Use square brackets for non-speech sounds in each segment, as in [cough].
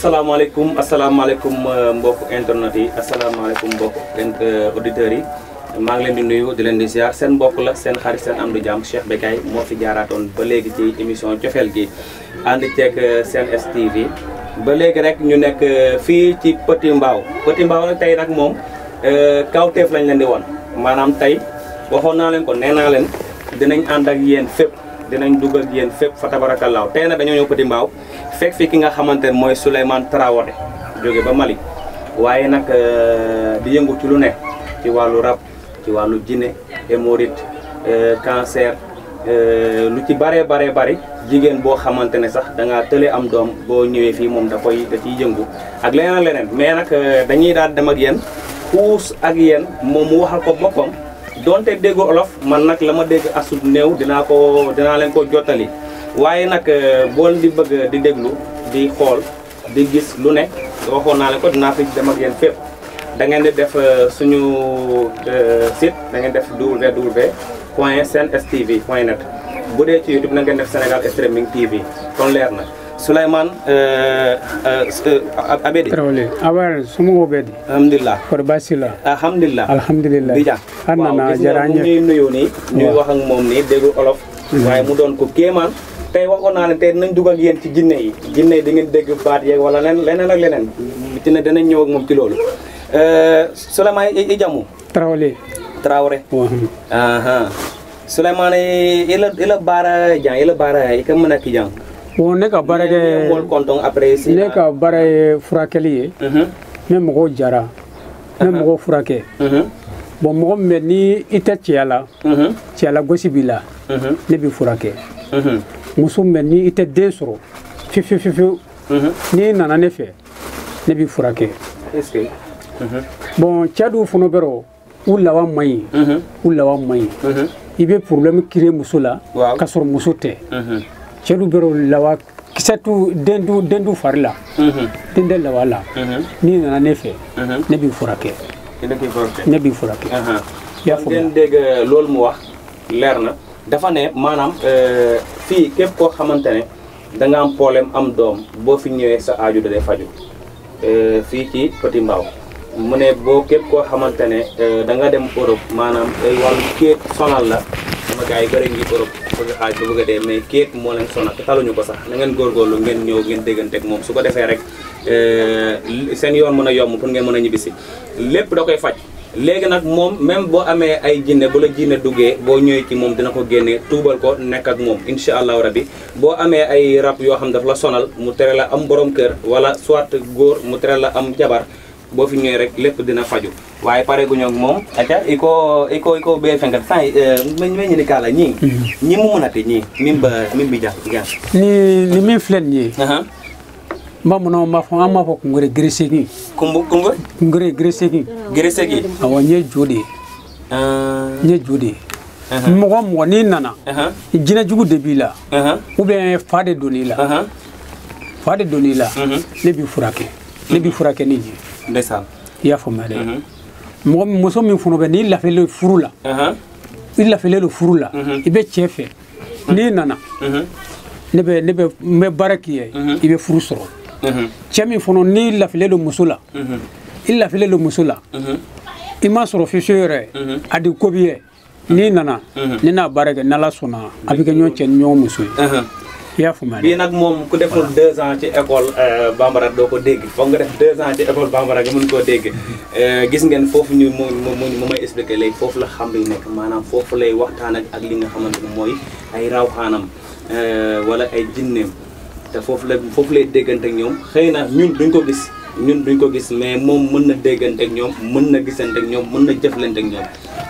asalaamaaleykum asalaamaaleykum euh, mbokk internet yi asalaamaaleykum mbokk euh, auditeurs yi maa ngi leen di nuyu di leen di ziar seen mbokk la seen xarit seen am du jàmm Cheikh Bécaye moo fi jaaraatoon ba léegi ci émission cofeel gi ànd ceeg euh, seen STV ba léegi rek ñu nekk fii ci Petit Mbao Petit mbaaw nag tey nag moom kawteef lañ leen di won maanaam tey waxoon naa leen ko nee naa leen dinañ ànd ak yéen fépp dinañ duggal yeen fep fa tabarakallah tey nag dañoo ñëw Petit Mbao fekk fi ki nga xamantene moy mooy Traoré joggé ba Mali waaye nak euh, di yëngu ci lu ne ci walu rap ci wàllu jinne hémorroïde euh, cancer euh, lu ci baree baree bari jigen bo xamantene sax da nga télé am dom bo ñëwé fi mom da koy da ci yëngu ak leneen leneen mais nak dañuy daal dem ak yeen ak yeen mom waxal ko bopam donte dégg olof man nag la ma dégg asut néew dinaa ko dinaa leen ko jottali waaye nag euh, bool di bëgg di déglu di xool di gis lu ne waxoon naa leen ko dinaa fi dem ak yéen fépp da ngeen di def euh, suñu euh, site da ngeen def www point sen stv point net bu dee ci youtube na ngeen def Sénégal streaming tv kon leer na Sulaiman uh, uh, Abedi. Traore. Awar sumu Obedi. Alhamdulillah. Korbasila. Alhamdulillah. Alhamdulillah. Dija. Anna na jaranje. Ñu nuyu ni ñu wax ak mom ni deggu olof waye mu doon ko keman tay waxo na len tay nañ dugg ak yeen ci jinne yi jinne yi da ngeen degg baat yeeg wala len leneen ak leneen ci ne danañ ñew ak mom ci loolu euh Sulaiman i jamu Traore. Traore. Aha. Sulaiman ila ila bara jang ila bara ikam nak jang. bon ne ka baara kɛ ne ka baara ye furakɛli ye mhm. ne mɔgɔw jara ne mhm. mɔgɔw furakɛ mhm. bon mɔgɔ min bɛ ni i tɛ cɛya la cɛyala gosi b'i la ne b'i furakɛ muso min bɛ ni i tɛ den sɔrɔ fifififewu n'i nana ne fɛ ne b'i furakɛ bon cɛ dɔw fana bɛ rɔ u laban man ɲi u laban man ɲi i bɛ problème créer muso la ka sɔrɔ muso tɛ ceeɗu bero lawa surtout dendu dendu fari la dende mm-hmm. lawa la mm-hmm. ni nana ne fɛ ne b'i furakɛ ne b'i furakɛ i uh-huh. y'a faamuya ngeen dégg euh, loolu mu wax leer na dafa ne maanaam euh, fii képp koo xamante ne da nga am problème am doom boo fi ñëwee sa aaju da day faju euh, fii ci Petit Mbao mu ne boo képp koo xamante ne da dem Europe maanaam wàllu kéet sonal la sama gars yi bëri ngi Europe bëgg xaaj ba bëgg a dee mais kéeg moo leen sonal te ko sax na ngeen góorgóorlu ngeen ñëw ngeen dégganteeg moom su ko defee rek euh, seen yoon mën a yomb pour ngeen mën a ñibbisi lépp da koy faj léegi nag moom même boo amee ay jinne bu la jinne duggee boo ñëwee ci moom dina ko génne tuubal ko nekk ak moom incha allahu rabbi boo amee ay rab yoo xam dafa la sonal mu tere la am boroom kër wala soit góor mu tere la am jabar bo fi ñëw rek lépp dina faju waaye pare gu ñoog moom iko iko iko i ko i ko bee ni kala eh, ñi mm-hmm. ñi mu munate ñi min ba min bi jax gan ni ni min flen ñi mamuno mafo amma fo ngure gresegi kumbu kumbu ngure gresegi gresegi awa ñe jodi ah. ñe jodi ko mo n'i nana jinɛjugu de b'i la ou bien fa de doni i la fa de doni la mhm. b'i ni ndeysaan i y'a faamuya de mhm. mɔgɔ muso min funu bɛ n'i lafiyalen furu la i lafiyalen don furu la mhm. i bɛ cɛ fɛ n'i nana mhm. ne bɛ ne bɛ n bɛ baara k'i ye i bɛ furu sɔrɔ cɛ min fɔnɔ n'i lafiyalen don muso la i lafiyalen don muso la i m'a sɔrɔ fiyewu yɛrɛ a di ko b'i ye n'i nana ne n'a baara kɛ n'ala sɔnna a bɛ kɛ ɲɔgɔn cɛ ni ɲɔgɔn muso ye. yaafumaane bii nag moom ku deful deux ans ci école euh, bambara doo ko dégg foog nga def deux ans ci école bambara nga mën koo dégg euh, gis ngeen foofu ñu moom mu mu may expliqué léegi foofu la xam li nekk maanaam foofu lay waxtaan ak li nga xamante ne mooy ay raw xaanam euh, wala ay jinneem te foofu la foofu lay déggante ak ñoom xëy na ñun duñ ko gis. ñun duñ ko gis mais moom mën na déggante ak ñoom mën na gisante ak ñoom mën na jëflante ak ñoom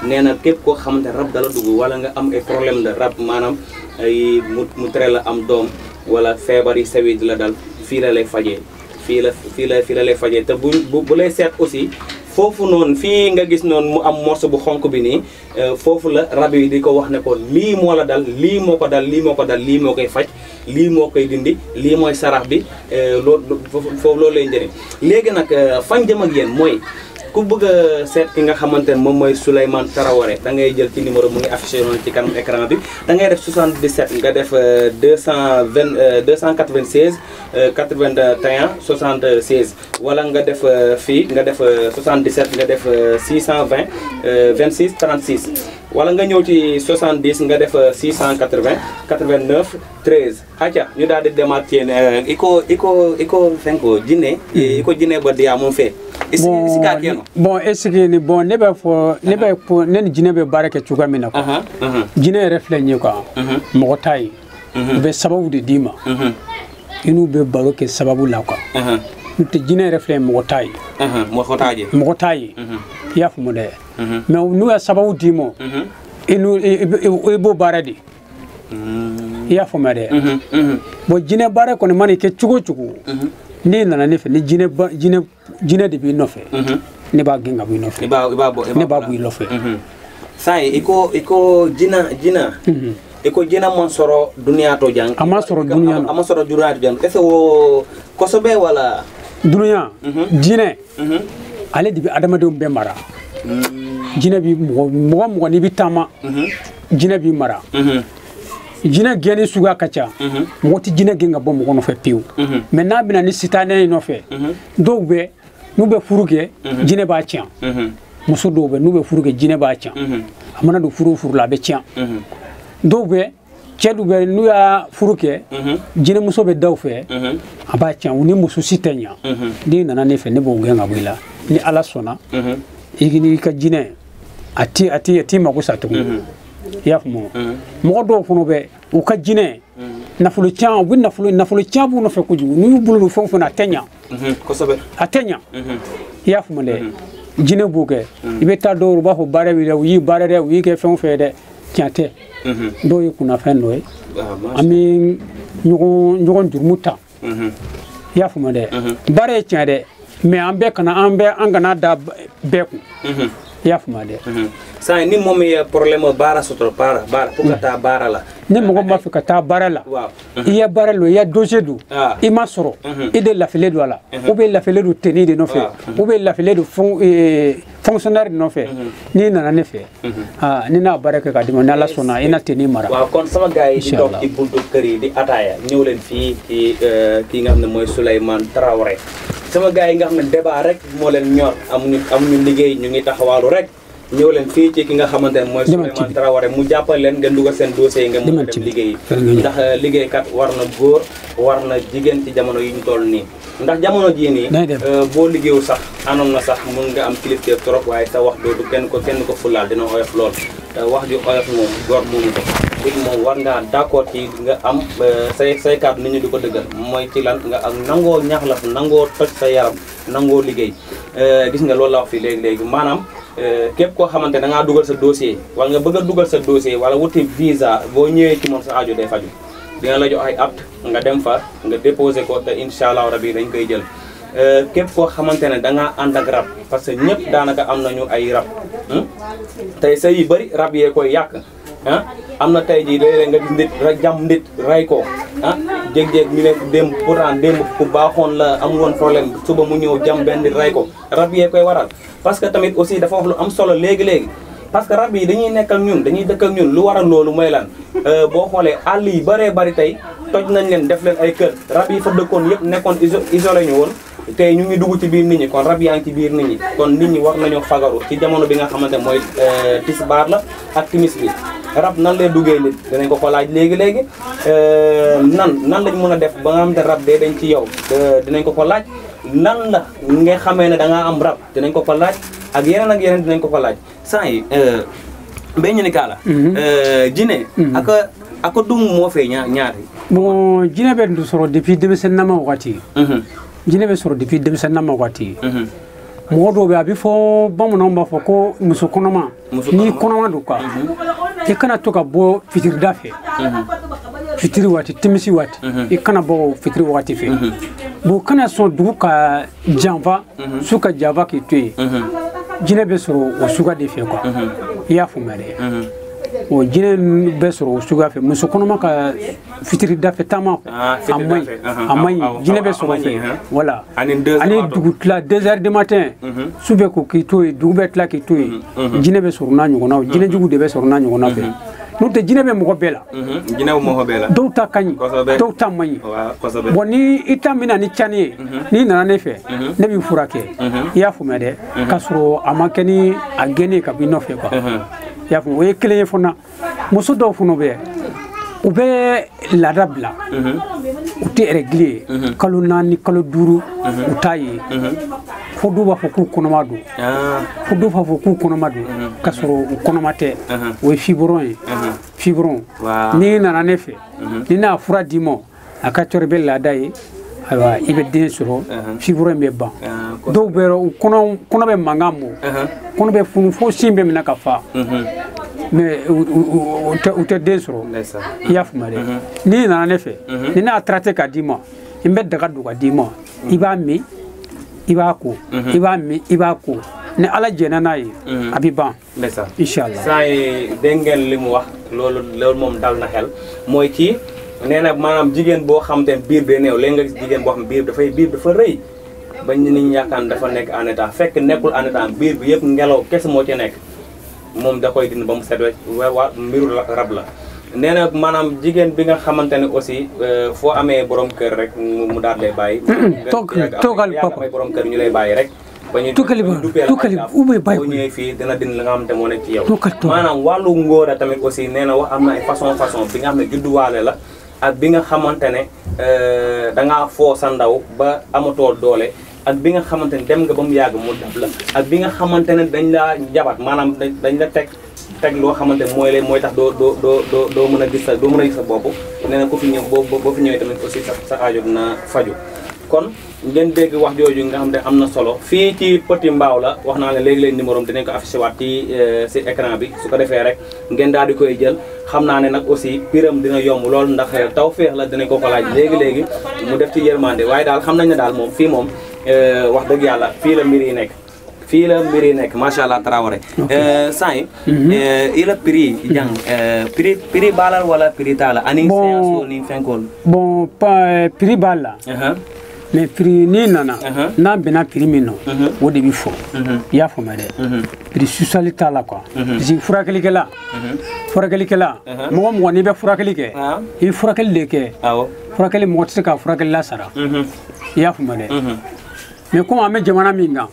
nee na képp koo xamante rab dala dugg wala nga am ay problème da rab maanaam ay mu mu tere la am doom wala feebar yi sew la dal fii la lay fajee fii la fii la fii la lay fajee te bu bu lay seet aussi foofu noonu fii nga gis noonu mu am morso bu xonq bi nii euh, foofu la rab yi di ko wax ne ko lii moo la dal lii moo ko dal lii moo ko dal lii moo koy faj lii moo koy dindi lii mooy sarax bi euh, loolu foofu loolu lay njëriñ léegi nag euh, fan jëm ak yéen mooy ku bëgg a seet ki nga xamante ne moom mooy Souleymane Traoré da ngay jël ci numéro mu ngi affiché noonu ci kanam écran bi da ngay def 77 nga def 220 296 81 76 wala nga def euh, fii nga def 77 euh, nga def 620 26 36. wala nga ñëw ci 70 nga def 680 89 13 xaca ñu daal di demaat yéen euh, iko iko iko fenko jinne hmm. eh, iko jinne ba ya mum fe bon esikini bon ne bɛ fɔ ne bɛ uh-huh. ne ni jinɛ bɛ baara kɛ cogoya min na quoi uh-huh, uh-huh. jinɛ yɛrɛ filɛ nin ye quoi sababu de d'i ma i n'u bɛ baro kɛ sababu la quoi mitti jine refle mogo tayi mogo tayi yafumude mais nu mhm. ya mhm. sababu dimo i bo baradi di yafume de bon jinɛ baara kone mani ke cogo o mhm. n'i na na fɛ ni jina de b'i nɔfɛ ne b'a genga bi bɔ ni ne b'a bɔ i nɔfɛ san i ko i ko jina jinɛ i ko jinɛ ma sɔrɔ amasoro dunia jan a ma sɔrɔ duniya a wala dunuya jinɛ mhm. mhm. ale de bɛ adamadenw bɛɛ mara jinɛ bi mɔgɔ mɔgɔ n'i bɛ taama jinɛ mhm. b'i mara jinɛ gɛnni suguya ka ca mɔgɔ tɛ jinɛ gɛn ka bɔ mɔgɔ nɔfɛ pewu mɛ n'a bɛna ni sitanɛ ye nɔfɛ dɔw bɛ n'u bɛ furu kɛ jinɛ b'a tiɲɛ muso dɔw bɛ n'u bɛ furu kɛ jinɛ b'a tiɲɛ a mana don furu o furu la a bɛ tiɲɛ dɔw bɛ cɛ dun bɛ n'u y'a furu kɛ jinɛmuso bɛ daw fɛ a b'a tiɲɛ u ni muso si tɛ ɲa n'i nana ne fɛ ne b'o gɛn ka bɔ i la ni ala sɔnna i n'i ka jinɛ a ti a ti a ti mako sa tugun i y'a faamu mɔgɔ dɔw fana bɛ u ka jinɛ nafolo can u bɛ nafolo nafolo can b'u nɔfɛ kojugu n'u y'u bolo don fɛn o fɛn na a tɛ ɲa kosɛbɛ a tɛ ɲa i y'a faamu dɛ jinɛ b'o kɛ i bɛ taa dɔw u b'a fɔ baara b'i la u y'i baara dɛ u y'i kɛ fɛn o fɛn dɛ tiɲɛ tɛ dɔw ye kunnafɛn dɔ ye an bɛ ɲɔgɔn jurumu ta i y'a faamu dɛ baara ye tiɲɛ dɛ mɛ an bɛɛ kana an bɛɛ an kana da bɛɛ kun ma de sa ni momi ya problème bara sotro bara bara pou mm. kata bara la ni mo ma fika ta bara la ya bara lo ya doje do ah. ima soro de la fele do la ou be la fele do teni de no fe ah. ou be la fele do fon e, fonctionnaire no fe ni nana ne fe ah ni na bara ka dimo na la sona ina teni mara wa kon sama gay di dok di buntu keri di ataya ñew len fi eh, ki nga xamne moy Souleymane Traoré sama gars yi nga xam ne débat rek moo leen ñor am amuñu liggéey ñu ngi taxawaalu rek ñëw leen fii ci ki nga xamante ne mooy Souleymane Traoré mu jàppal leen ngeen dugal seen dossiers yi nga mën a dem liggéey ndax euh, liggéeykat war na góor war na jigéen ci jamono yi ñu toll nii ndax jamono jii nii euh, boo liggéeyu sax anoon na sax mun nga am kilifteef trop waaye sax wax doodu kenn ko kenn ko fulaal dina oyof lool euh, wax ju oyof moom góor moomu ko bi moom war ngaa d'accord ci nga am say say kàddu nit ñi di ko dëggal mooy ci lan nga am nangoo ñax la ñaxlaf nangoo toj sa yaram nangoo liggéey euh, gis nga loolu la wax léegi-léegi maanaam euh, képp koo xamante da ngaa dugal sa dossier wala nga bëgg dugal sa dossier wala wuti visa boo ñëwee ci moom sa aajo day faju dina la jox ay acte nga dem fa nga déposé ko te incha allah rabi dañ koy jël euh, képp koo xamante ne da ngaa ànd ak rab parce que ñëpp daanaka am nañu ay rab hmm? tey say ah am na tey jii léeg nga gis nit rek jam nit ray ko ah jéeg-jéeg ñu ne démb pourtant démb ku baaxoon la am woon problème suba mu ñëw jam benn ray ko rab yee koy waral parce que tamit aussi dafa wax lu am solo léegi-léegi parce que rab yi dañuy nekkal ñun dañuy dëkkal ñun lu waral loolu mooy lan euh, boo xoolee àll yi bëree bëri tey toj nañ leen def leen ay kër rab yi fa dëkkoon yëpp nekkoon isolé ñu woon tey ñu ngi dugg ci biir nit ñi kon rab yaangi ci biir nit ñi kon nit ñi war nañu fagaru ci jamono bi nga xamante moy eh, tisbar la ak timis bi rab nan lay duggé nit danañ ko ko laaj légui euh nan nan lañ mëna def ba nga am rab dé dañ ci yow dinañ ko ko laaj nan la nga xamé né da nga am rab dinañ ko ko laaj ak yeneen ak yeneen dinañ ko ko laaj sans yi eh, mbé ñu ni mhm. euh jiné mhm. aka aka dum mo fee ñaar bon jiné ɓe ndu soro depuis demi sen nama wakati mhm. jinɛ bɛ sɔrɔ depuis denmisɛnnin ma waati mɔgɔ dɔw bɛ a bɛ fɔ bamananw b'a fɔ ko muso kɔnɔma n'i kɔnɔma don quoi i kana to ka bɔ fitirida fɛ fitiri waati timisi waati i kana bɔ fitiri waati fɛ bon kana sɔn dugu ka janfa su ka janfa k'i to yen jinɛ bɛ sɔrɔ o suga de fɛ quoi i y'a faamuya dɛ o jinɛ ninnu bɛ sɔrɔ o suguya fɛ muso kɔnɔma ka fitiri dafɛ taama ah, a man ɲi a man ɲi jinɛ bɛ sɔrɔ fɛ wala ani dugu tila deux heures de matin su bɛ ko k'i to yen dugu bɛ tila k'i to yen jinɛ bɛ sɔrɔ n'a ɲɔgɔnnaw jinɛjugu de bɛ sɔrɔ n'a ɲɔgɔnna fɛ n'o tɛ jinɛ bɛ mɔgɔ bɛɛ la jinɛ bɛ mɔgɔ bɛɛ la dɔw ta ka ɲi dɔw ta man ɲi bɔn ni i ta min na ni cani ye n'i nana ne fɛ ne b'i furakɛ i y'a faamuya dɛ k'a sɔrɔ a ma kɛ ni a gɛnnen ka b'i nɔfɛ kuwa y'a o ye kelen ye fana muso dɔw fana bɛ u bɛ laada bila u tɛ ɛrɛgili ye kalo naani kalo duuru u t'a ye fo dɔw b'a fɔ k'u kɔnɔma don ah. fo dɔw b'a fɔ k'u kɔnɔma don k'a sɔrɔ u kɔnɔma tɛ o ye fibron ye fibron n'i nana ne fɛ ni n'a fura d'i ma a ka cɔri bɛ laada ye ayiwa i bɛ den sɔrɔ fibro in bɛ ban dɔw bɛ yɔrɔ kɔnɔ bɛ mankan bɔ kɔnɔ bɛ funu fo sin bɛ minɛ ka fa mɛ u tɛ den sɔrɔ i y'a faamuya dɛ n'i nana ne fɛ ni ne y'a tarate k'a d'i ma n bɛ daga don ka d'i ma i b'a min i b'a ko i b'a min i b'a ko ni ala jɛnna n'a ye a bɛ ban inshallah san ye denkɛ limu loolu loolu moom dal na xel mooy ci nena manam jigen bo boo bir be new bee jigen léegi nga gis jigéen boo xam biir dafay biir dafa rëy ba ñu niñ yaakaar dafa nekk en état fekk nekul en état bir bi yëpp ngelo kess mo ci nek mom da koy dind bam mu set wa mbiru rab la nena manam jigen bi nga xamantene aussi euh, fo amé borom kër rek mu daal lay bàyyi toog toogal papa borom kër ñu lay bay rek tukali ñu tukkali umay bàyyi ñëwee fi dina din la nga am te moo nekk ci yow manam walu ngora tamit aussi nee wax amna ay façon façon bi nga xam ne walé la ak bi nga xamante ne euh, da ngaa foo sa ndaw ba amatoo doole ak bi nga xamante ne dem nga ba mu yàgg mu dab la ak bi nga xamante ne dañ laa jabat maanaam dañ la teg teg loo xamante ne mooy leen mooy tax doo doo doo doo mën a gis sa doo mën a gis sa bopp nee na ku fi ñëw boo boo fi ñëwee tamit aussi sa sa aajo dina faju kon ngeen dégg wax jooju nga xam ne am na solo fii ci Petit Mbao la wax naa ne léegi leen numéro dinañ ko affiché waat ci euh, si écran bi su ko defee rek ngeen daal di koy jël xam naa ne aussi piram dina yomb lool ndax euh, taw féex la dinañ ko ko laaj léegi-léegi mu def ci yërmande waaye daal xam nañ ne daal moom fii moom euh, wax dëgg yàlla fii la mbir yi nekk fii la mbir yi nekk macha allah Traoré. saa yi. Mhm. il a prix. jàng prix prix baalal wala prix taala. ani séance ni fenkol. bon prix baal la. Uh-huh. me piri n'i nana n'a bena piri min nɔ o de bi fo i y'a faamuya dɛ piri susali t'a la kuwa parce que furakɛlikɛla furakɛlikɛla mo mɔgɔ n'i fura kali ke i fura kali de kɛ furakɛli mɔgɔ tɛ se ka kali lasara i y'a fo dɛ mɛ komi an bɛ jamana minga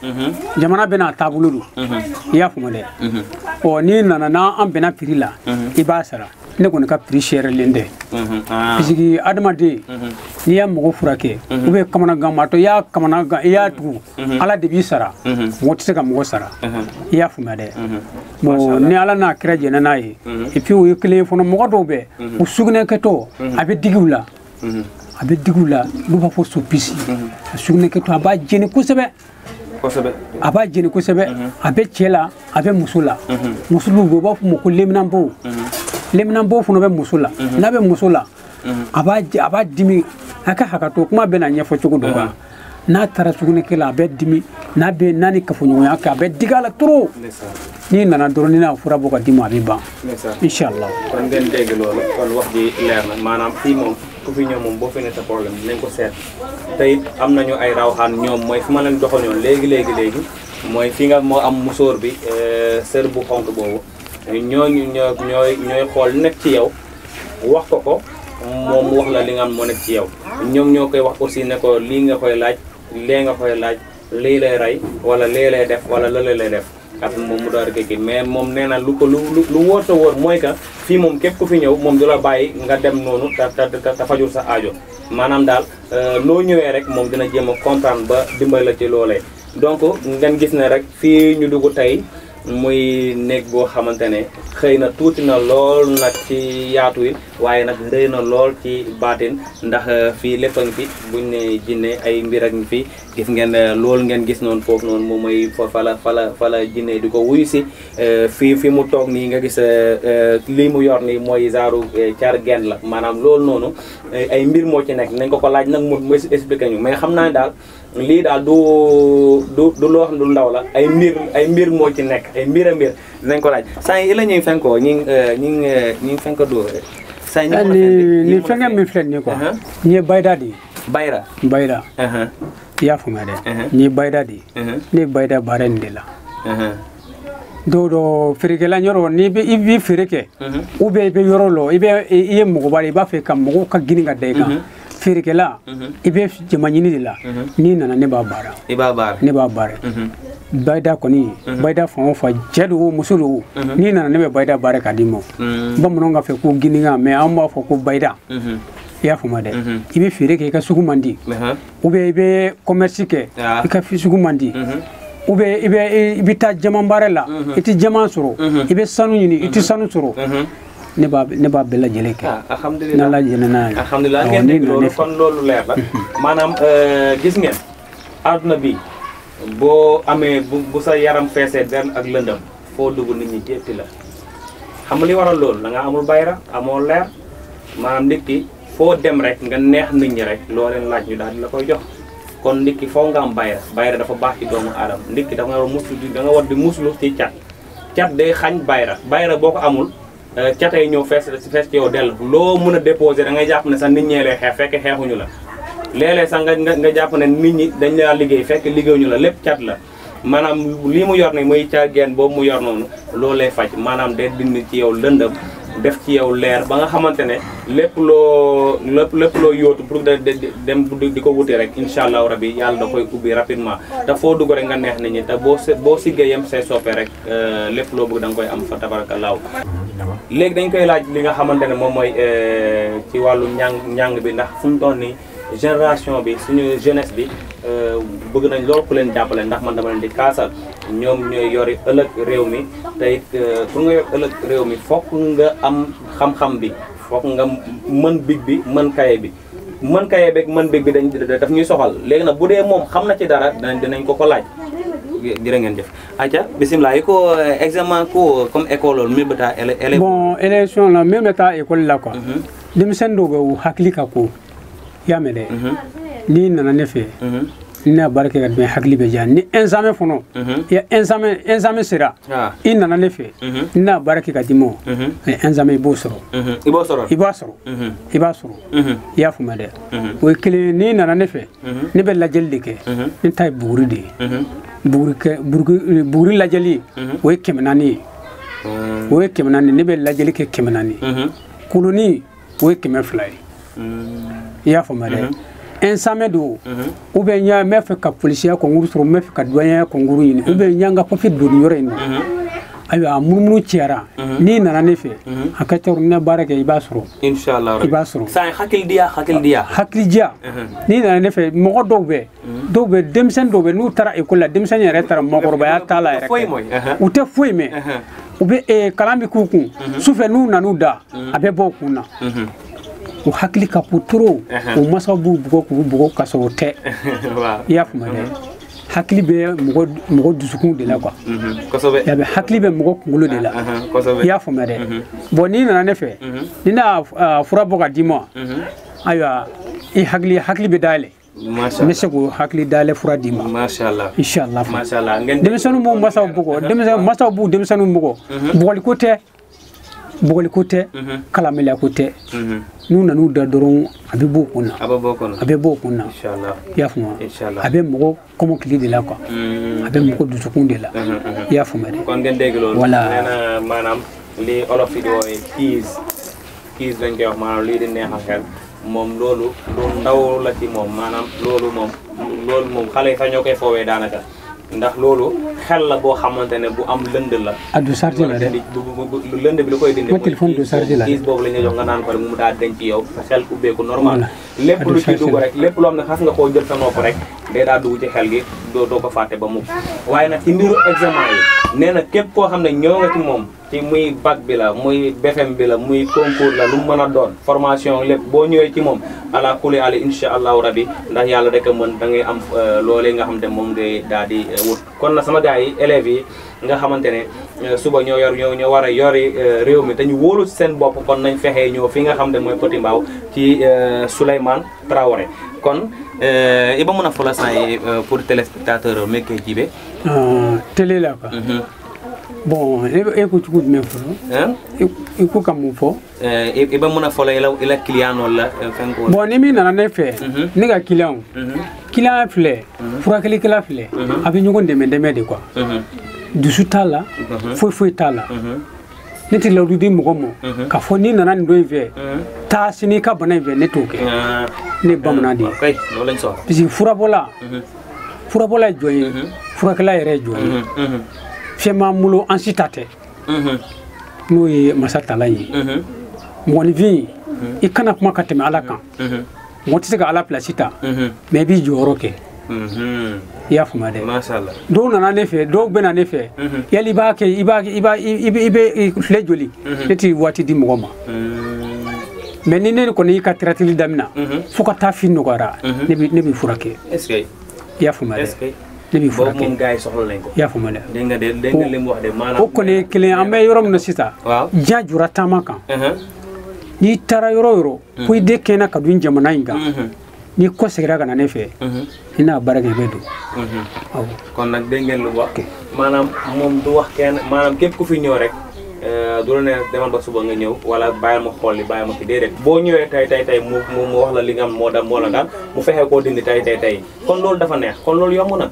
jamana bena tabulu taabolo don i y'a faamuya dɛ ɔ n'i nana na am bena piri la i b'a sara ne kɔni ka prix sɛrɛlen tɛ ah. pisiki adamaden n'i y'a mɔgɔ furakɛ u bɛ kamanagan ma to i y'a kamanagan i y'a tugu ala de b'i sara mɔgɔ tɛ se ka mɔgɔ sara i y'a faamuya dɛ bon ni ala n'a kira jɛnɛ n'a ye et puis o ye kelen ye fana mɔgɔ dɔw bɛ u sugunɛ kɛtɔ a bɛ digi u la a bɛ digi u la n'u b'a fɔ sopisi a sugunɛ kɛtɔ a b'a jeni kosɛbɛ a b'a jeni kosɛbɛ a bɛ cɛ la a bɛ muso la muso dɔw bɛ u b'a fɔ ma ko leminanbo leminanbo fana bɛ muso la n'a bɛ muso la a b'a dimi a ka hakato kuma bɛ na ɲɛfɔ cogo dɔ kan n'a taara sugunɛkɛ la a bɛ dimi n'a bɛ n'a ni kafoɲɔgɔnya kɛ a bɛ digi a la toro n'i nana dɔrɔn ni n'a fura bɔ ka d'i ma a bɛ ban inshallah kon ngeen dégg loolu kon wax ji leer na maanaam fii moom ku fi ñëw moom boo fi ne sa problème nañ ko seet te it am nañu ay rawxaan ñoom mooy fi ma leen doxal ñoom léegi léegi léegi mooy fi nga moo am musóor bi euh, sër bu xonk boobu ñooñu ñoo ñooy ñooy xool li nekk ci yow wax ko ko moom mu wax la li nga xam moo nekk ci yow ñoom ñoo koy wax aussi ne ko lii nga koy laaj lee nga koy laaj lii lay rey wala lee lay def wala la lay def après moom mu door a moom nee na lu ko lu lu wóor sa wóor mooy que fii moom képp ku fi ñëw moom du la bàyyi nga dem noonu ta ta ta fajul sa ajo maanaam daal noo euh, ñëwee rek moom dina jéem a comprendre ba dimbali la ci loolee donc ngeen gis ne rek fii ñu dugg tey. muy néeg boo xamante ne xëy na tuuti na lool nag ci yaatu wi waaye nag ndëy na lool ci baatin ndax euh, fii lépp a ngi fi buñ ne jinne ay mbir ak fi gis ngeen euh, loolu ngeen gis noon foofu noonu moom mooy fala fala fala jinne di ko wuyu si euh, fii fi mu toog nii nga gis lii mu yor nii mooy zaaru car gen la maanaam loolu noonu ay mbir moo ci nekk nañ ko ko laaj nag mu expliqué ñu mais xam naa daal lii daal du du du loo xam du ndaw la ay mbir ay mbir moo ci nekk ay mbir a mbir dinañ ko laaj saa yi ila ñuy fenko ñi euh, ñi euh, ñi fenko do saa yi ni fenga mi flen ni ko ñi uh-huh. bayda di bayra bayra uh-huh. ya fu ma de ñi uh-huh. bayda di ni bayda baren de la do do fereke la ñoro ni be ibi fereke ube be yorolo ibe iye mugo bari ba fe kam mugo ka gini ga de ka feerekɛla mhm. i bɛ jama ɲini de la mhm. n'i nana ne b'a baara i b'a ne b'a baara mhm. bayida kɔni bayida fan o fan cɛ do o muso do o n'i nana ne bɛ bayida baara k'a d'i ma bamananw ka fɛ ko ginikan mɛ an b'a fɔ ko bayida i y'a faamu dɛ i bɛ feere kɛ i ka sugu man di uh-huh. i bɛ kɔmɛrisi kɛ i ka sugu man di u bɛ i bɛ taa jama baara la i tɛ jama sɔrɔ i bɛ sanu ɲini i tɛ sanu sɔrɔ nibaab nibaab bi la jëlee kay. ah alhamdulilah na la jëlee naa la. alhamdulilah ah, ngeen dégg loolu kon loolu leer la. [laughs] maanaam euh, gis ngeen àdduna bi boo amee bu sa yaram feesee benn ak lëndam foo dugg nit ñi jéppi la xam li waral loolu da nga amul bayra amoo leer maanaam nit foo dem rek nga neex nit ñi rek loo laaj ñu daal di la koy jox. kon nit ki foo nga am bayra bayra dafa baax ci doomu aadama nit ki da nga war a muslu da nga war di muslu ci cat cat day xaañ bayra bayra boo ko amul. Euh, cata yi ñëw fees fees ci yow dell loo mën a déposé da ngay jàpp ne sax nit ñee lay xeex fekk xeexuñu la léeg-léeg sax nga nga jàpp na nit ñi dañ laa liggéey fekk liggéeyuñu la lépp cat la maanaam lii mu yor ne muy càggeen boobu mu yor noonu loolu lay faj maanaam de dindi ci yow lëndëm def ci yow leer ba nga xamante ne lépp loo lépp lépp loo yóotu pour da dem di ko wuti rek incha allahu rabi yàlla da koy ubbi rapidement te foo dugg rek nga neex nit ñi te boo boo siggee yem say soppee rek euh, lépp loo bëgg nga koy am fa tabarakallaahu léegi dañ koy laaj li nga xamante ne moom mooy euh, ci wàllu njàng njàng bi ndax fu mu toll nii génération bi suñu jeunesse bi euh, bëgg nañ lool ku leen jàppale ndax man dama leen di kaasal ñoom ñooy yori ëllëg réew mi te it euh, pour nga yor ëllëg réew mi fokk nga am xam-xam bi fokk nga mën big bi mën kaye bi mën kaye beeg mën big bi dañ daf ñuy soxal léegi nag bu dee moom xam na ci dara dinañ dinañ ko ko laaj jërë ngeen jëf aca bisimila i ko examen ko comme école ol min élève bon élection la min bata école la quoi denmisɛn dɔw bɛ u hakili ka ko y'a mɛn dɛ n'i nana ne fɛ ne ya baara kɛ ka tɛmɛ hakili bɛ diya ni examen fɔlɔ ya examen examen sera i nana ne fɛ ne ya baara examen b'o sɔrɔ i b'o sɔrɔ i b'a sɔrɔ y'a faamuya dɛ o ye n'i nana ne fɛ ne bɛ lajɛli de kɛ ne ta de buri lajali o mm-hmm. ye kɛmɛ naani ye mm. o ye kɛmɛ naani ne bɛ lajɛli kɛ kɛmɛ naani mm-hmm. kuluni o ye kɛmɛ fila ye i mm. y'a faamuya dɛ ɛnsamɛ u bɛ n y'a mɛ fɛ ka polisiya kɔnkuru sɔrɔ n bɛ fɛ ka duwanyaya kɔnkuru ɲini mm-hmm. u bɛ n y'an ka papiye yɔrɔ in na ayiwa a munumunu cɛyara n'i nana ne fɛ a ka ca ni baara kɛ i b'a sɔrɔ i b'a sɔrɔ hakilidiya hakilidiya hakilidiya n'i nana ne fɛ mɔgɔ dɔw bɛ dɔw bɛ denmisɛnnin dɔw bɛ n'u taara ekɔli la denmisɛnnin yɛrɛ taara mɔgɔkɔrɔbaya t'a la yɛrɛ u tɛ foyi mɛn u bɛ ee, kalan bɛ k'u kun sufɛ n'u nan'u da a bɛ bɔ u kun na u hakili ka ko toro u mansaw b'u bugɔ k'u bugɔ ka sɔrɔ o tɛ [laughs] i y'a faamu dɛ hakili bɛ mɔgɔ dusukun de la kuwa a bɛ hakili bɛ mɔgɔ kunkolo de la i y'a faamuya dɛ bɔn n'i nana ne fɛ ni ne y'a fura bɔ ka d'i ma ayiwa i hakili hakili bɛ dayɛlɛ n bɛ se k'o hakili dayɛlɛ fura d'i ma inshallah denmisɛnninw b'u masaw bugɔ masaw b'u denmisɛnninw bugɔ bugɔliko tɛ bɔgɔliko tɛ mhm. kalameleyako tɛ mhm. n'u nan'u da dɔrɔn a bɛ b'o kun na a bɛ b'o kun na i y'a faamu a bɛ mɔgɔ kɔmɔkili de la kuwa mhm. a bɛ mɔgɔ dusukun de la i y'a faamu dɛ wala li olof yi kiis kiis lañ koy wax maanaam lii di moom loolu lu ndaw la ci moom manam loolu moom loolu moom xale yi sax ñoo koy foowee ndax loolu xel la koo xamante ne bu am lënd la. ah du chargé la de bu lënd bi lu koy dindi. ma téléphone du chargé la de boobu la ñuy jox nga naan ko rek mu daal di denc yow sa xel ubbeeku normal. Ah, lépp lu ci dugg rek lépp loo xam ne xas nga koo jël sa nopp rek. day daal dugg ci xel gi doo doo ko fàtte ba mu. waaye nag ci mbiru examen yi. nee na képp koo xam ne ñëw moom. ci muy bac bi la muy BFEM bi la muy concours la lu mu mën a doon formation lépp boo ñëwee ci moom ala kulli ali incha allahu rabi ndax yàlla rek a mën da ngay am euh, loolee nga xamante moom ngay daal di euh, wut. kon na sama gars yi élèves yi nga xamante ne euh, suba ñoo yor ñoo ñoo war a yori réew mi te ñu wóolu seen bopp kon nañ fexee ñoo fi nga xam ne mooy Petit Mbao ci Souleymane Traoré kon Iba mun a fula saa yi pour téléspectateur mekkee jibe télé la quoi. Mm-hmm. bon e ko cogo jumɛn fɔlɔ i ko ka mun fɔ i bɛ mun na fɔlɔ i la kiliyan nɔ il fɛn ko bon ni Il nana ne fɛ mhm. ne Il kiliyanw mhm. kiliyan filɛ furakɛlikɛla filɛ a bɛ ɲɔgɔn dɛmɛ dɛmɛ de kuwa mhm. dusu t'a la foyi ne tɛ lawudi di mɔgɔ ma n'i nana nin don in i ka bana ne t'o ne bamanan de ye parce que furabɔla furabɔla ye jɔn cɛ m'an bolo an si ta tɛ n'o ye masa tala ye mɔgɔninfin i kana kuma ka tɛmɛ ala kan mɔgɔ tɛ se ka ala pilasi ta mɛ i b'i jɔyɔrɔ kɛ i y'a faamuya dɛ dɔw nana ne fɛ dɔw bɛ na ne fɛ yali i b'a kɛ i b'a i b'a i bɛ i bɛ filɛ joli ne t'i waati di mɔgɔ ma mɛ ni ne kɔni y'i ka tiratili daminɛ fo ka taa fi nɔgɔyara ne bɛ ne bɛ furakɛ i y'a faamuya dɛ. ne boobu moom gars yi soxla nañ ko yaafo ma ne dégg nga de dégg nga li mu wax de maanaam o kone client an bɛ yɔrɔ min na sisan diɲɛ jura taama kan uh-huh. n'i taara yɔrɔ o yɔrɔ uh-huh. ko i de kɛnɛ ka don jamana in uh-huh. kan n'i kɔ segira ka na ne fɛ i n'a baara kɛ i bɛ don lu wax maanaam moom du wax kenn maanaam képp Euh, du la ne demal ba suba nga ñëw wala bàyyil ma xool li bàyyil ma fi déedéet boo ñëwee tey tey tey mu mu mu wax la li nga am moo da moo la daal mu fexe koo dindi tey tay tey kon loolu dafa neex kon loolu yomb na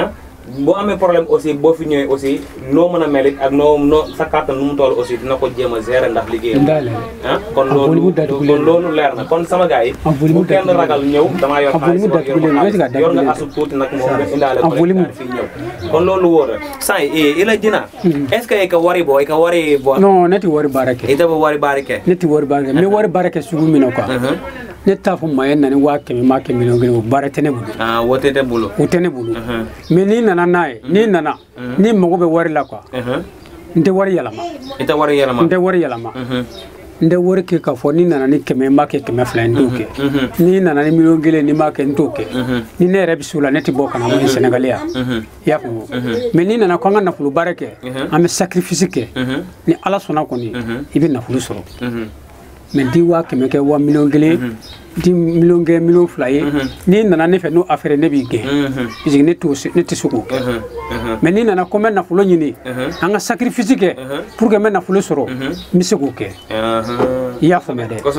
ah boo amee problème aussi boo fi ñëwee aussi noo mën a ak noo noo sa kàttan nu mu toll aussi dina ko jéem a gérer ndax liggéeyam. ah kon loolu kon loolu leer na kon sama gars yi. bu kenn ragal ñëw damaa yor xaalis yor nga asu tuuti nag moom nga indaale ko fii ñëw kon loolu wóor na san ila jina hmm. est ce que eka wari bo eka wari bo non neti wari barake ita bo wari barake neti wari barake mais mi na ne t'a fɔ maa ye na ni waa kɛmɛ maa kɛmɛ kelen o baara tɛ ne bolo. aa o tɛ ne bolo. o tɛ ne bolo. mɛ n'i nana n'a ye n'i nana n'i mago bɛ wari la kuwa n tɛ wari yɛlɛma. i tɛ wari yɛlɛma. n tɛ wari yɛlɛma. n tɛ wari kɛ k'a fɔ n'i nana ni kɛmɛ n b'a kɛ kɛmɛ fila n t'o kɛ n'i nana ni miliyɔn kelen n'i m'a kɛ n t'o kɛ ni ne yɛrɛ bɛ so la ne tɛ bɔ ka na ni sɛnɛgali yan i y'a faamu mɛ n'i nana ko an ka nafolo baara kɛ an bɛ sakirifisi kɛ ni ala sɔnna kɔni i bɛ nafolo sɔrɔ. mɛ di waa kɛmɛ kɛ wa miliyɔn kelen di miliyɔn kɛ miliyɔn fila ye n'i nana ne fɛ n'o affaire ne b'i gɛn puisque ne t'o ne tɛ se k'o kɛ mɛ n'i nana ko n bɛ nafolo ɲini an ka sacrifice kɛ pour que n bɛ nafolo sɔrɔ n bɛ se k'o kɛ. Yaasoumé de ko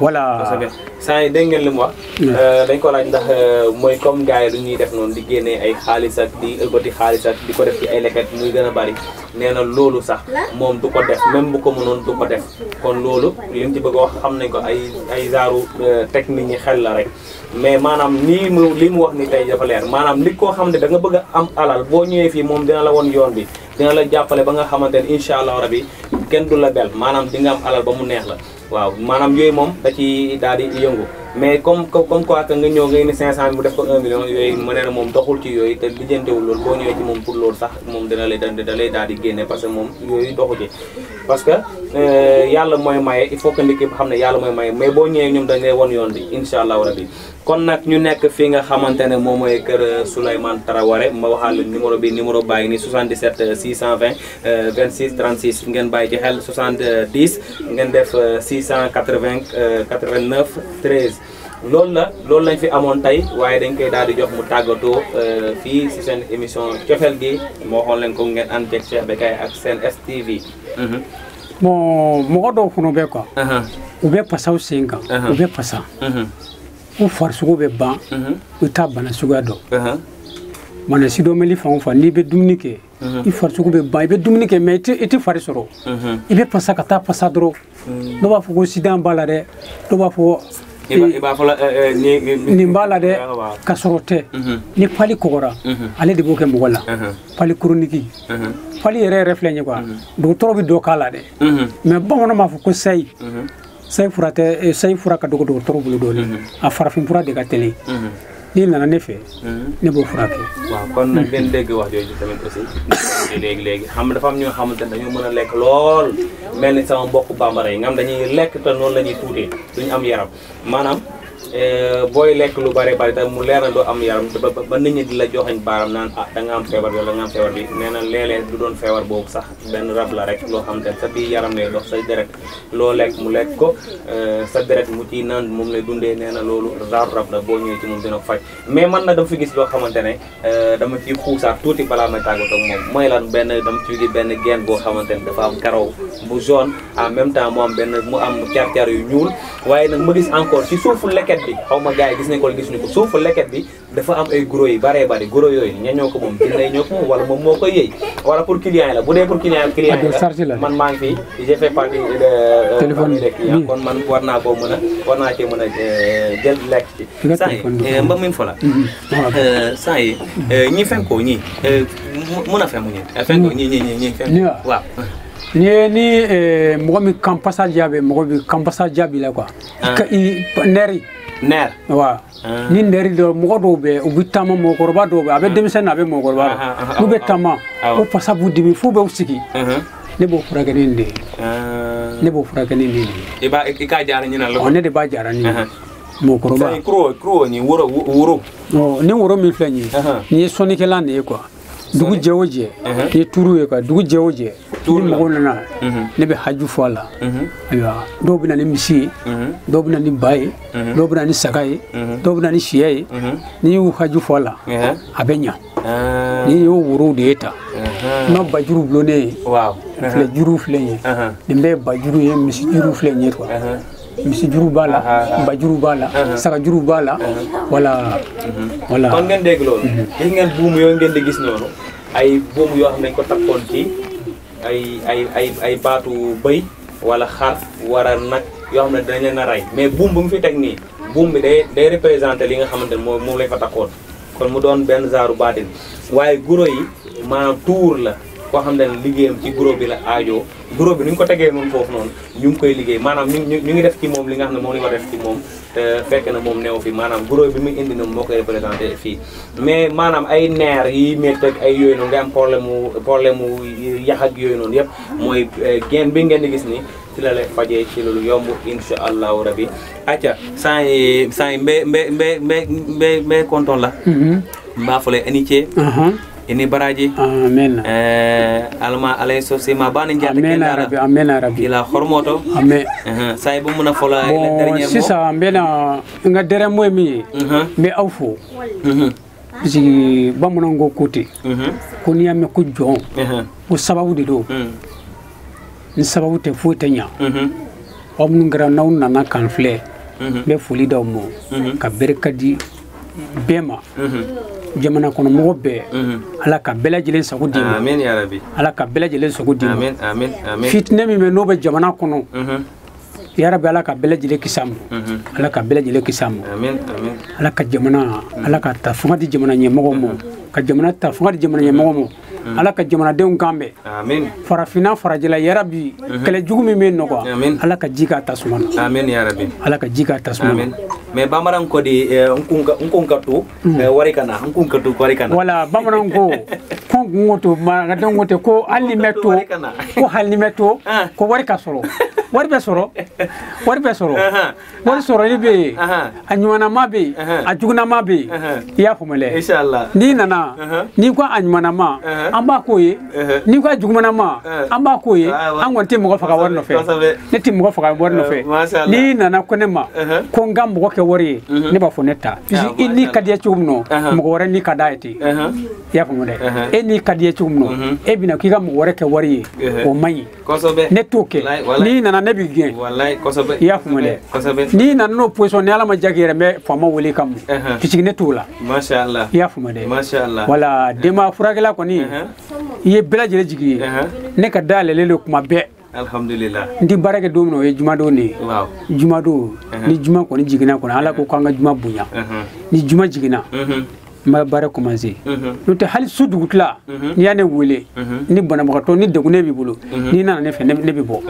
voilà Kosobe saa yi dégg ngeen li mu wax. Euh, dañ ko laaj ndax euh, mooy comme gars lu ñuy def noonu di génnee ay xaalis ak di ëlbati xaalis ak di ko def ci ay leket muy dana bari nee na loolu sax moom du ko def même bu ko mënoon du ko def kon loolu li mu ci bëgg a wax xam nañ ko ay ay zaaru euh, technique ñi xel la rek. mais maanaam nii mu li mu wax ni tey dafa maanaam nit koo xam ne nga bëgg am alal boo ñëwee fii moom dina la woon yoon bi dina la jàppale ba nga xamante ne incha allah rabi kenn du la bel maanaam di nga am alal ba mu neex la. waaw maanaam yooyu moom da ci daal di yëngu mais comme comme quoi que nga ñëw ngay ne 500000 mu def ko 1 million yooyu ma ne la moom doxul ci yooyu te lijjantewul loolu boo ñëwee ci moom pour loolu sax moom dana lay daal di génne parce que moom yooyu doxu ci. parce que euh, yàlla mooy maye il faut que nit ki xam ne yàlla mooy maye mais boo ñëwee ñoom dañ lay won yoon bi incha allahu rabi kon nag ñu nekk fii nga xamante ne moom mooy kër euh, Souleymane Traoré ma waxaal numéro bi numéro bàyyi nii 77 620 26 36 ngeen bàyyi ci xel 70 ngeen def 680 89 13. loolu la loolu lañ fi amoon tey waaye dañ koy daal di jox mu tàggatoo fii si seen émission cofeel gi moo xool leen ko ngeen ànd ceeg Cheikh Becaye ak seen STV mo mɔgɔ dɔw fana bɛ quoi u bɛ pasa u sen kan u bɛ pasa u farisogo bɛ ban u t'a bana suguya dɔn mana sidɔnbɛli fan o fan n'i bɛ dumuni kɛ i farisogo bɛ ban i bɛ dumuni kɛ mais i tɛ fari sɔrɔ i bɛ pasa ka taa pasa dɔrɔn dɔw b'a fɔ ko sidan b'a la dɛ dɔw b'a fɔ nin b'a la dɛ ka sɔrɔ tɛ ni pali kɔgɔra mhm. ale de b'o kɛ mɔgɔ la mhm. pali kuroniki mhm. pali yɛrɛ yɛrɛ filɛ ye kuwa dɔgɔtɔrɔ bɛ dɔ k'a la dɛ mɛ bamananw b'a fɔ ko sayi sayi fura tɛ eh, sayi fura ka dɔgɔ dɔgɔtɔrɔ bolo dɔɔni a farafin fura de ka teli lii na ne fee. Hmm. ne boo furakee. waaw kon nag ngeen dégg wax jooju tamit aussi. [coughs] léegi léegi xam dafa am ñoo xamante ne dañoo mën a lekk lool mel ni sama mbokk bambara yi nga xam dañuy lekk te noonu la ñuy tuutee duñu am yaram maanaam. Eh, booy lekk lu bare bari tam mu leer na doo am yaram ba ba nit ñi di la joxañ baaram naan ah da nga am feebar bi wala nga am feebar bi nee na du doon feebar boobu sax benn rab la rek loo xam te sa biir yaram lay dox eh, sa deret mu lekk ko sa deret mu ciy naan moom lay dundee nee na loolu genre rab la boo ñëwee ci moom dina ko faj mais man na dama fi gis loo xamante ne eh, dama ciy xuusaat tuuti balaa may tàggatoo ak moom mooy lan benn dama ciy gis benn geen boo xamante ne dafa am karaw bu jaune en même temps mu am benn mu am car-car yu ñuul waaye nag ma gis encore ci suufu leket bi xaw ma gars gis nañ ko gis ñu ko suufu leket bi dafa am ay gros yi bare bare gros yoy ña ñoo ko moom dinday ñoo ko wala mom moko yey wala pour client la bu dé pour client client man maa fi j'ai fait partie de euh, téléphone rek ya kon man war naa koo warna a war naa cee mën euh, jël lekk ci saa mbam mi min fa la saa yi euh, mm-hmm. ñi fenkoo ñi mën a fenku ñi mm-hmm. fenko ñi ñi ñi ñi fenko waaw ni ni mɔgɔ min kan pasa jaabi mɔgɔ min kan pasa jaabi la ah. nɛr wa ah. ni nɛri dɔ mɔgɔ dɔw be u bɛ ba mɔgɔkɔrɔba dɔw bɛ a bɛ ah. denmisɛnnin a bɛ mɔgɔkɔrɔba la ah, n'u bɛ taama ko pasa b'u dimi f'u b'u sigi uh-huh. ne b'o furakɛ ni nin ne b'o furakɛ ni nin de ye. b'a i e k'a diyara ɲinan lɔ. ne de b'a diyara ɲinan. Uh-huh. mɔgɔkɔrɔba. sisan e kuro kuro nin woro woro. ni woro min filɛ nin ye nin ye sɔnnikɛlan dugu jɛ o jɛ tile tuuru ye dugu jɛ o jɛ ni mɔgɔw nana uh-huh. ne bɛ haju fɔ a la uh-huh. ayiwa dɔw bɛ na ni misi ye uh-huh. dɔw bɛ na ni ba ye dɔw bɛ na ni saga ye dɔw bɛ na ni siyɛ ye n'i y'u haju fɔ a la a bɛ ɲa n'i y'o worow de ye ta n'o bajuru bulonnen ye filɛ juru filɛ ye nin bɛɛ ye bajuru ye misi juru filɛ ye misi juru b'a la ba juru b'a la saga juru la voilà voilà kon ngeen dégg loolu mhm. gis ngeen buum yooyu ngeen di gis noonu ay buum yoo xam ne dañ ko takkoon ci ay ay ay ay baatu bëy wala xar war nag yoo xam ne dañ leen na ray mais buum bu mu fi teg nii buum bi day day représenté li nga xamante ne moom moom lañ fa takkoon kon mu doon benn zaaru baatin waaye guro yi maanaam tuur la koo xam ne liggéeyam ci groupe bi la aajoo groupe bi ni ñu ko tegee noonu foofu noonu ñu ngi koy liggéey maanaam ñu ngi ñu ngi def ci moom li nga xam ne moom la ñu def ci moom te fekk na moom neew fi maanaam groupe bi muy indi noonu moo koy représenté fii mais maanaam ay neer yi métti ak ay yooyu noonu nga am problème mu problème mu yax ak yooyu noonu yëpp mooy eh, geen bi ngeen di gis ni ci la lay fajee ci lu yomb insha allahu rabi acca san san mbe mbe mbe mbe mbe mbe konton la mm-hmm. mbaa fo lay ani ini baraji amen eh alma alay so ma ban jata amen rabbi amen rabbi ila hormoto amen eh, say bu muna fola ila dernier mot mo sisa mbena nga dere moy mi mi mhm. awfo bisi mhm. bamanan ko kote mhm. ko n'i y'a mɛn ko jɔn ko sababu de do ni sababu te foyi te nya am nu kɛra n'aw na kan filɛ n fuli do mo ka berkadi bema jamana kɔnɔ mɔgɔ bɛɛ ala ka bɛɛ lajɛlen sago d'i ma ala ka bɛɛ lajɛlen sago d'i ma fitinɛ min bɛ n'o bɛ jamana kɔnɔ yarabi ala ka bɛɛ lajɛlen kisa ma ala ka bɛɛ lajɛlen kisa ma ala ka jamana ala ka ta fanga di jamana ɲɛmɔgɔw ma ka jamana ta fanga di jamana ɲɛmɔgɔ ma ala ka jamanadenw kan bɛn farafina farajɛla yarabi kɛlɛ jugu min bɛ nɔgɔ ala ka ji k'a tasuma na ala ka ji k'a tasuma na mais bamaran ko di eh, nkunka tu hmm. eh, wari kana nkunka tu wari kana wala bamaran ko kunkunko [laughs] to ma don ko ko hali mɛ [laughs] ah. ko hali mɛ ko wari ka sɔrɔ wari bɛ sɔrɔ [laughs] wari bɛ sɔrɔ wari sɔrɔli bɛ yen a ɲumanama bɛ yen a jugunama bɛ yen i y'a faamu dɛ n'i nana n'i ko a ɲumanama an b'a k'o ye n'i ko a jugumanama an b'a k'o ye an kɔni tɛ mɔgɔ faga wari nɔfɛ ne tɛ mɔgɔ faga wari nɔfɛ n'i nana ko ne ma ko n ka ke wori mhm. ne ba fo ne ta i ni ka die no mo wore ni ka dai ti ya fo ngode e ni ka die no mhm. e bi na ki ga mo wore ke wori o mai kosobe ne toke ni na na ne bi gen wallahi kosobe ya fo ngode kosobe ni na no poiso ne ala ma jagere me fo mo wuli kam pisi ne tula masha allah ya fo ngode masha allah wala de ma fura ke la koni ye bela jere jigi ne ka dale le le kuma be alhamdulillah ndi baara kɛ don min o ye juma don de ye juma don uh-huh. ni juma kɔni jiginna kɔni ala ko uh-huh. k'an ka juma bonya uh-huh. ni juma jiginna n bɛ baara commencé n'o tɛ hali su dugutila n'i y'a ne wele ni banabagatɔ ni degunnen b'i bolo n'i nana ne fɛ ne bɛ bɔ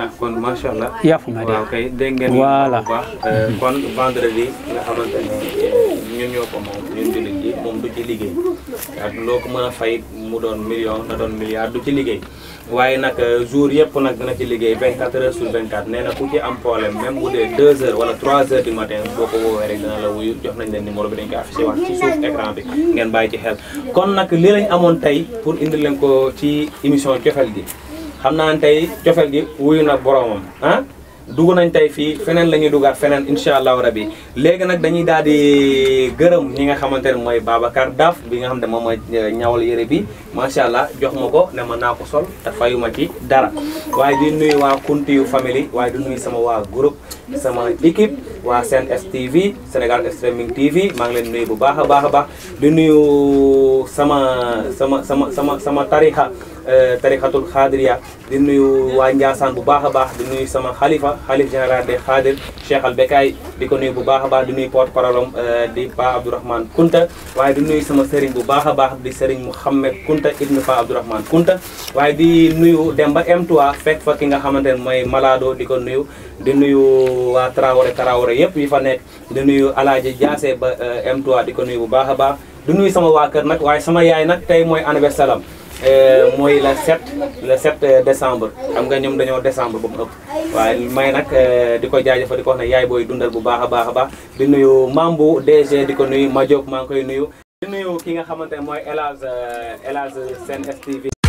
i y'a faamuya dɛ voilà. moom du ci liggéey ak loo ko mën a fay mu doon million na doon milliard du ci liggéey waaye nag euh, jour yëpp nag na ci liggéey 24 heures sur 24 nee na ku ci am problème même bu dee 2 heures wala 3 heures du matin boo ko woowee rek a la wuyu jox nañ leen numéro bi dañ ko affiché wax ci suuf écran bi ngeen bàyyi ci xel kon nag lii lañ amoon tey pour indi leen ko ci émission cofel gi xam naa tey cofel gi wuyu na boromam ah dugu nañ tay fi fenen la dugat fenen inshallah rabbi allahu nak dañuy daldi gëreum gërëm ñi nga xamantene moy babakar daf bi nga xam moma eh, ñawal yere bi jox mako ne ma nako sol ta fayuma ci dara waaye di nuyu family waaye di nuyu sama wa groupe sama équipe wa Sen STV senegal Streaming TV ma ngi leen nuyu bu baaxa baaxa baax di nuyu sama sama sama sama sama Eh, tarixatul xaadiriya di nuyu waa Ndiassane bu baax a baax di nuyu sama xalifa xalif général des xaadir Cheikh Al di ko nuyu bu baax a baax di nuyu porte parole am eh, di Pa Abdourahmane Kunta waaye nuyu sama sëriñ bu baax a baax di sëriñ Mouhamed Kunta ibnu Pa Abdourahmane Kunta waaye di nuyu dem ba M3 fekk fa ki nga xamante ne mooy Malado di ko nuyu di nuyu waa Traoré Traoré yëpp yi fa nekk di nuyu Alaaji Jaase ba eh, m di ko nuyu bu baax a baax di nuyu sama waa kër nag waaye sama yaay nag tey mooy anniversaire am Euh, mooy la 7 le 7 euh, decembre xam nga ñoom dañoo décembre ba mu ëpp waaye may nag euh, di ko jaajëfal di ko wax ne yaay booy dundal bu baax a baax a baax di nuyu Mambo DG di ko nuyu Madiop maa ngi koy nuyu di nuyu ki nga xamante ne mooy El Hadj El STV